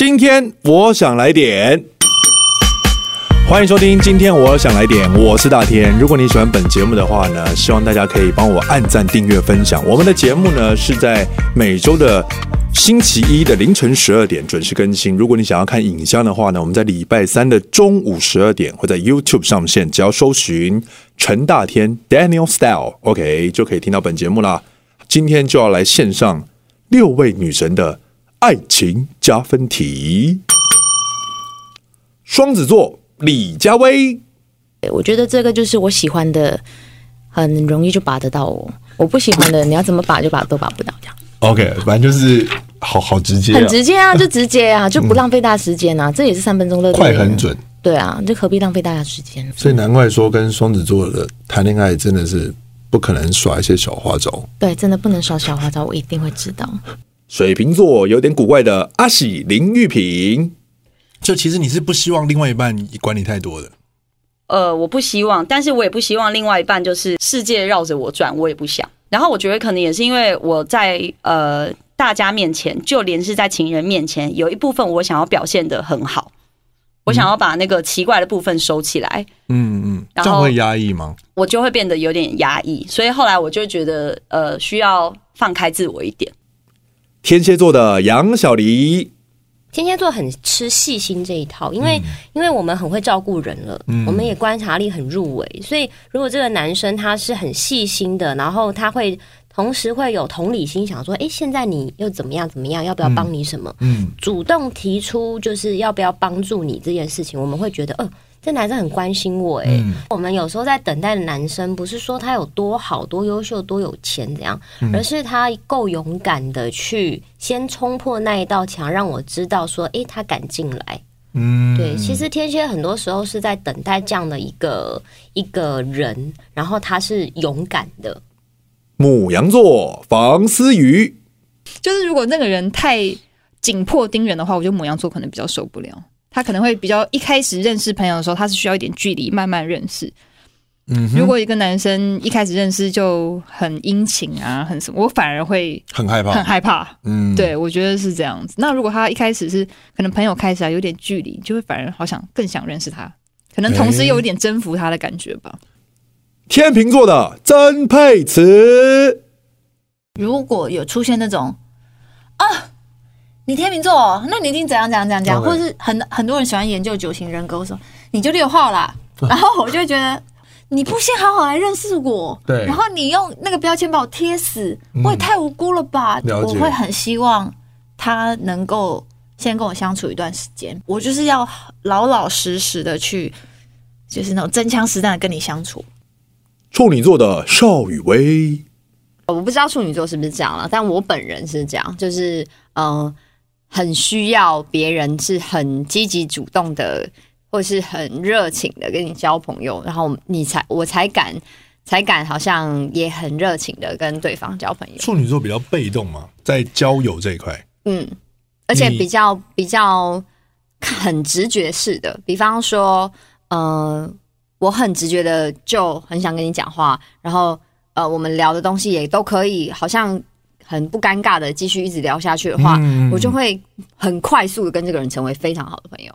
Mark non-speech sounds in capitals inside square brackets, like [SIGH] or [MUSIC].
今天我想來點，歡迎收聽。今天我想來點，我是大天。如果你喜歡本節目的話呢，希望大家可以幫我按讚、訂閱、分享。我們的節目呢是在每周的星期一的凌晨十二點準時更新。如果你想要看影像的話呢，我們在禮拜三的中午十二點會在 YouTube 上線。只要搜尋陳大天 Daniel Style，OK、okay、就可以聽到本節目啦。今天就要來獻上六位女神的。愛情加分題，雙子座李佳薇，對，我覺得這個就是我喜歡的，很容易就把得到我。我不喜歡的， [COUGHS] 你要怎麼把就把都把不到這樣，OK，反正就是好好直接，啊，很直接啊，就直接啊，就不浪費大家時間啊。 [LAUGHS] 嗯、這也是三分鐘熱度，快很準，對啊，你何必浪費大家時間？所以難怪說跟雙子座的談戀愛真的是不可能耍一些小花招，對，真的不能耍小花招，我一定會知道。水瓶座有點古怪的阿喜林育品，就其實你是不希望另外一半管你太多的。呃，我不希望，但是我也不希望另外一半就是世界繞着我轉，我也不想。然後我覺得可能也是因為我在呃大家面前，就連是在情人面前，有一部分我想要表現得很好，嗯、我想要把那個奇怪的部分收起來。嗯嗯，這樣會壓抑嗎？我就會變得有點壓抑，所以後來我就覺得呃需要放開自我一點。天蠍座的楊小黎，天蠍座很吃細心這一套，因為、嗯、因為我們很會照顧人了，嗯、我們也觀察力很入微。所以如果這個男生他是很細心的，然後他會同時會有同理心，想說，誒、欸，現在你又怎麼樣怎麼樣，要不要幫你什麼？嗯，嗯主動提出就是要不要幫助你這件事情，我們會覺得，呃。這男生很關心我，哎、欸，嗯、我們有時候在等待的男生，不是說他有多好多優秀、多有錢怎樣，嗯、而是他夠勇敢的去先衝破那一道牆，讓我知道說，哎，他敢進來。嗯，對，其實天蠍很多時候是在等待這樣的一個一個人，然後他是勇敢的。牡羊座房思瑜，就是如果那個人太緊迫盯人的話，我覺得牡羊座可能比較受不了。他可能會比較一開始認識朋友的時候，他是需要一點距離慢慢認識。嗯、哼如果一個男生一開始認識就很殷勤啊，很什麼，我反而會很害怕，很害怕。對嗯，對，我覺得是這樣子。那如果他一開始是可能朋友開始啊有點距離，就會反而好想更想認識他，可能同時又有點征服他的感覺吧。天秤座的曾沛慈，如果有出現那種啊。你天秤座，那你一定怎樣怎樣怎樣？Okay. 或者是很很多人喜歡研究九型人格，說你就六號啦。 [LAUGHS] 然後我就覺得你不先好好來認識我， [LAUGHS] 對，然後你用那個標籤把我貼死，我也太無辜了吧？嗯、了解。我會很希望他能夠先跟我相處一段時間，我就是要老老實實的去，就是那種真槍實彈的跟你相處。處女座的邵雨薇，我不知道處女座是不是這樣了、啊，但我本人是這樣，就是嗯。呃很需要別人是很積極主動的，或是很熱情的跟你交朋友，然後你才我才敢才敢，好像也很熱情的跟對方交朋友。處女座比較被動嘛，在交友這一塊，嗯，而且比較你比較很直覺式的。比方說，嗯、呃，我很直覺的就很想跟你講話，然後呃，我們聊的東西也都可以，好像。很不尷尬的繼續一直聊下去的話，嗯、我就會很快速的跟這個人成為非常好的朋友。